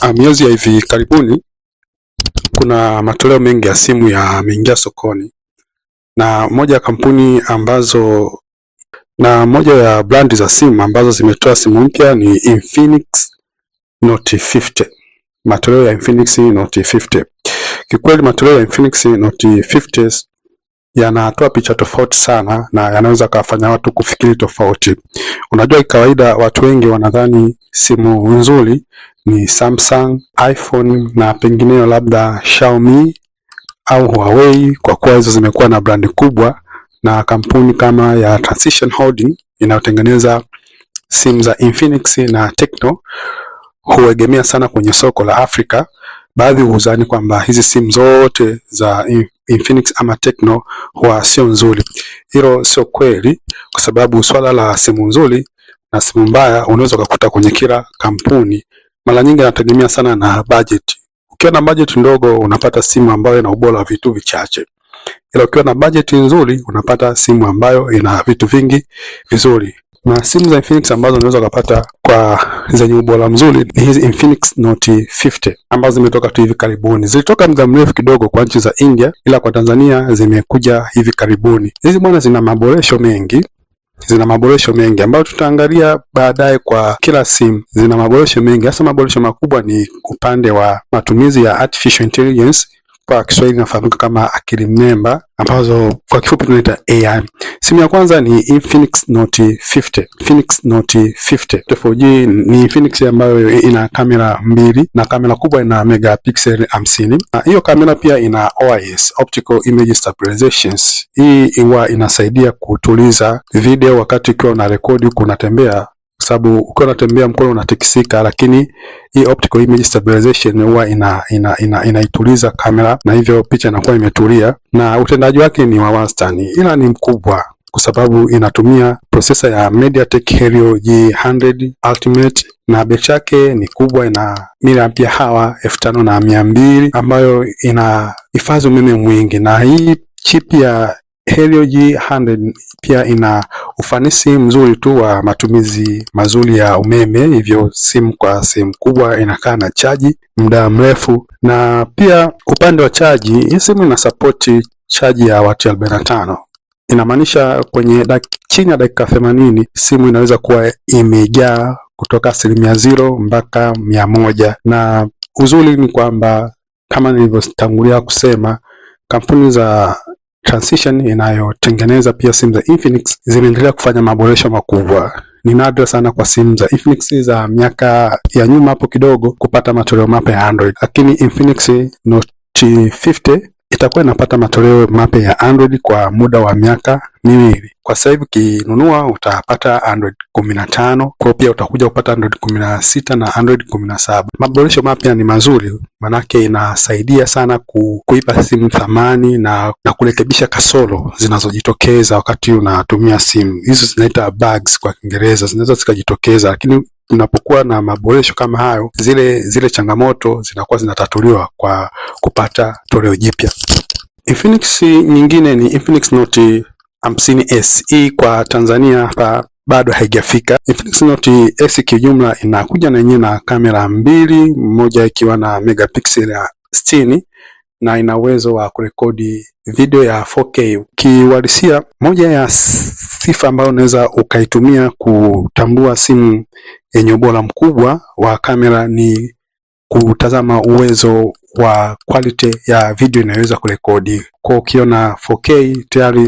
Ah, miezi ya hivi karibuni kuna matoleo mengi ya simu yameingia sokoni, na moja ya kampuni ambazo na moja ya brandi za simu ambazo zimetoa simu mpya ni Infinix Note 50, matoleo ya Infinix Note 50. Kikweli matoleo ya Infinix Note 50 yanatoa picha tofauti sana na yanaweza kawafanya watu kufikiri tofauti. Unajua, kawaida watu wengi wanadhani simu nzuri ni Samsung, iPhone na pengineyo labda Xiaomi au Huawei, kwa kuwa hizo zimekuwa na brandi kubwa na kampuni kama ya Transition Holding inayotengeneza simu za Infinix na Tecno huegemea sana kwenye soko la Afrika. Baadhi huzani kwamba hizi simu zote za Infinix ama Tecno huwa sio nzuri. Hilo sio kweli, kwa sababu swala la simu nzuri na simu mbaya unaweza ukakuta kwenye kila kampuni mara nyingi anategemea sana na budget. Ukiwa na budget ndogo unapata simu ambayo ina ubora wa vitu vichache, ila ukiwa na budget nzuri unapata simu ambayo ina vitu vingi vizuri. Na simu za Infinix ambazo unaweza kupata kwa zenye ubora mzuri ni hizi Infinix Note 50 ambazo zimetoka tu hivi karibuni. Zilitoka muda mrefu kidogo kwa nchi za India, ila kwa Tanzania zimekuja hivi karibuni. Hizi bwana, zina maboresho mengi zina maboresho mengi ambayo tutaangalia baadaye kwa kila simu. Zina maboresho mengi, hasa maboresho makubwa ni upande wa matumizi ya artificial intelligence kwa Kiswahili inafahamika kama akili mnemba ambazo kwa kifupi tunaita AI. Simu ya kwanza ni Infinix Note 50. Infinix Note 50 4G ni Infinix ambayo ina kamera mbili na kamera kubwa ina megapixel 50, na Hiyo kamera pia ina OIS, Optical Image Stabilization. Hii huwa inasaidia kutuliza video wakati ukiwa una rekodi kunatembea sababu ukiwa unatembea mkono unatikisika, lakini hii optical image stabilization huwa ina, ina, ina, inaituliza kamera na hivyo picha inakuwa imetulia, na utendaji wake ni wa wastani, ila ni mkubwa kwa sababu inatumia prosesa ya MediaTek Helio G100 Ultimate na betri yake ni kubwa, ina miliampia hawa elfu tano na mia mbili ambayo ina hifadhi umeme mwingi, na hii chip ya Helio G100 pia ina ufanisi mzuri tu wa matumizi mazuri ya umeme, hivyo simu kwa sehemu kubwa inakaa na chaji muda mrefu, na pia upande wa chaji hii simu inasapoti chaji ya watu 45 inamaanisha kwenye chini ya dakika themanini simu inaweza kuwa imejaa kutoka asilimia zero mpaka mia moja. Na uzuri ni kwamba kama nilivyotangulia kusema kampuni za Transition inayotengeneza pia simu za Infinix zimeendelea kufanya maboresho makubwa. Ni nadra sana kwa simu za Infinix za miaka ya nyuma hapo kidogo kupata matoleo mapya ya Android, lakini Infinix Note 50 itakuwa inapata matoleo mapya ya Android kwa muda wa miaka miwili. Kwa sasa hivi ukinunua utapata Android kumi na tano kwa pia utakuja kupata Android kumi na sita na Android kumi na saba. Maboresho mapya ni mazuri, manake inasaidia sana ku, kuipa simu thamani na, na kurekebisha kasoro zinazojitokeza wakati unatumia simu. Hizo zinaita bugs kwa Kiingereza, zinaweza zikajitokeza, lakini Unapokuwa na maboresho kama hayo, zile zile changamoto zinakuwa zinatatuliwa kwa kupata toleo jipya. Infinix nyingine ni Infinix Note 50 SE kwa Tanzania hapa bado haijafika. Infinix Note S kiujumla inakuja na yenyewe na kamera mbili, moja ikiwa na megapixel ya 60 na ina uwezo wa kurekodi video ya 4K. Kiuhalisia, moja ya sifa ambayo unaweza ukaitumia kutambua simu yenye ubora mkubwa wa kamera ni kutazama uwezo wa quality ya video inayoweza kurekodi. Kwa ukiona 4K tayari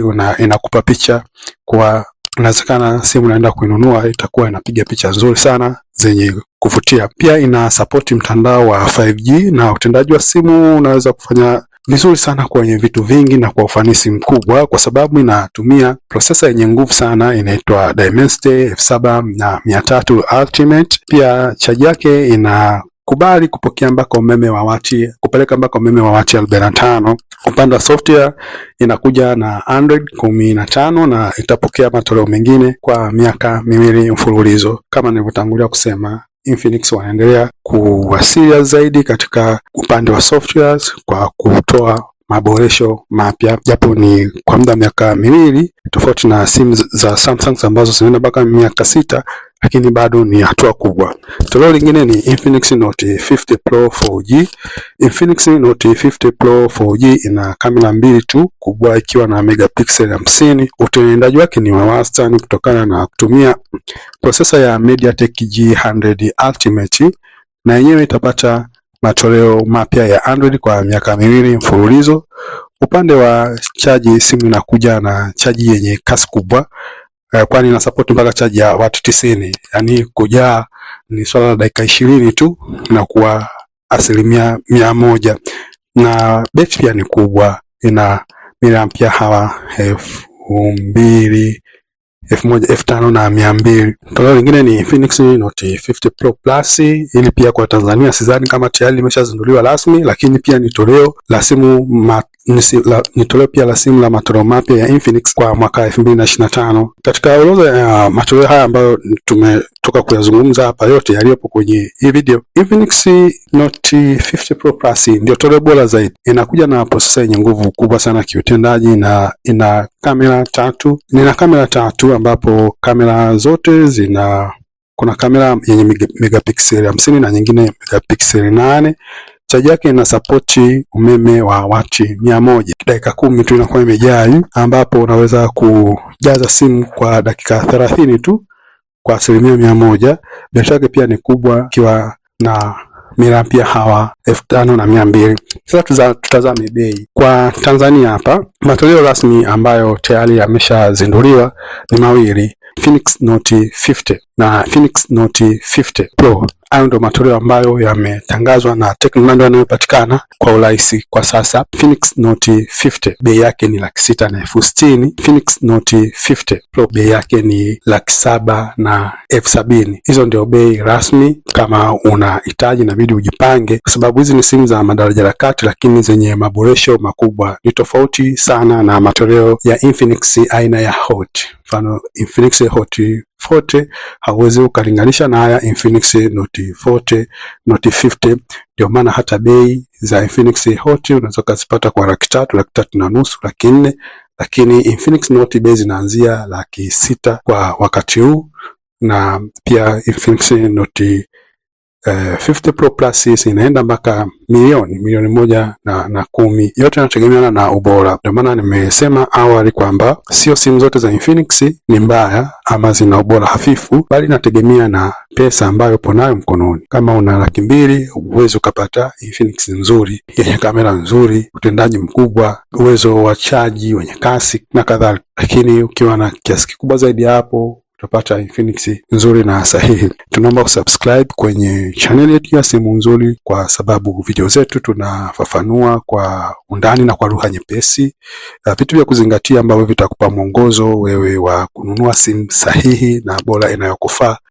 inakupa picha kwa inawezekana simu naenda kuinunua itakuwa inapiga picha nzuri sana zenye kuvutia. Pia ina support mtandao wa 5G na utendaji wa simu unaweza kufanya vizuri sana kwenye vitu vingi na kwa ufanisi mkubwa, kwa sababu inatumia prosesa yenye nguvu sana inaitwa Dimensity 7300 Ultimate. Pia chaji yake ina kubali kupokea mpaka umeme wa wati kupeleka mpaka umeme wa wati 45. tano. Upande wa software inakuja na Android kumi na tano na itapokea matoleo mengine kwa miaka miwili mfululizo kama nilivyotangulia kusema Infinix wanaendelea kuwasilia zaidi katika upande wa softwares kwa kutoa maboresho mapya, japo ni kwa muda wa miaka miwili, tofauti na simu za Samsung ambazo zinaenda mpaka miaka sita lakini bado ni hatua kubwa. Toleo lingine ni Infinix Note 50 Pro 4G. Infinix Note 50 Pro 4G ina kamera mbili tu, kubwa ikiwa na megapixel 50. Utendaji wake ni wa wastani kutokana na kutumia prosesa ya MediaTek G100 Ultimate, na yenyewe itapata matoleo mapya ya Android kwa miaka miwili mfululizo. Upande wa chaji, simu inakuja na chaji yenye kasi kubwa eh, kwani ina support mpaka chaji ya watu tisini. Yani kujaa ni swala la dakika ishirini tu na kuwa asilimia mia moja, na betri pia ni kubwa, ina miliampia hawa elfu mbili elfu moja elfu tano na mia mbili. Toleo lingine ni Infinix Note 50 Pro Plus. ili pia kwa Tanzania sidhani kama tayari limeshazinduliwa rasmi, lakini pia ni toleo la simu ni toleo pia la simu la matoleo mapya ya Infinix kwa mwaka 2025. Katika orodha ya uh, matoleo haya ambayo tumetoka kuyazungumza hapa yote yaliyopo kwenye hii video, Infinix Note 50 Pro Plus ndio toleo bora zaidi. Inakuja na processor yenye nguvu kubwa sana kiutendaji na ina kamera tatu, nina kamera tatu ambapo kamera zote zina kuna kamera yenye megapixeli hamsini na nyingine megapixeli nane Chaji yake inasapoti umeme wa wati mia moja. Dakika kumi tu inakuwa imejaa, ambapo unaweza kujaza simu kwa dakika thelathini tu kwa asilimia mia moja. Biashara yake pia ni kubwa ikiwa na mirampia hawa elfu tano na mia mbili. Sasa tutazame bei kwa Tanzania. Hapa matoleo rasmi ambayo tayari yameshazinduliwa ni mawili, Phoenix Note 50 na Phoenix Note 50 Pro. Hayo ndio matoleo ambayo yametangazwa na teknomando yanayopatikana kwa urahisi kwa sasa. Phoenix Note 50 bei yake ni laki sita na elfu sitini. Phoenix Note 50 Pro bei yake ni laki saba na elfu sabini. Hizo ndio bei rasmi. Kama unahitaji, inabidi ujipange, kwa sababu hizi ni simu za madaraja la kati, lakini zenye maboresho makubwa. Ni tofauti sana na matoleo ya Infinix aina ya Hot. Mfano Infinix Hot 40 hauwezi ukalinganisha na haya Infinix Note 40, Note 50. Ndio maana hata bei za Infinix Hot unaweza ukazipata kwa laki tatu, laki tatu na nusu, laki nne, lakini Infinix Note bei zinaanzia laki sita kwa wakati huu na pia Infinix Note uh, eh, 50 Pro Plus hii inaenda mpaka milioni milioni moja na, na kumi. Yote yanategemeana na ubora. Ndio maana nimesema awali kwamba sio simu zote za Infinix ni mbaya ama zina ubora hafifu, bali inategemea na pesa ambayo upo nayo mkononi. Kama una laki mbili, uwezi ukapata Infinix nzuri yenye kamera nzuri, utendaji mkubwa, uwezo wa chaji wenye kasi na kadhalika, lakini ukiwa na kiasi kikubwa zaidi ya hapo utapata Infinix nzuri na sahihi. Tunaomba kusubscribe kwenye channel yetu ya Simu Nzuri, kwa sababu video zetu tunafafanua kwa undani na kwa lugha nyepesi vitu vya kuzingatia ambavyo vitakupa mwongozo wewe wa kununua simu sahihi na bora inayokufaa.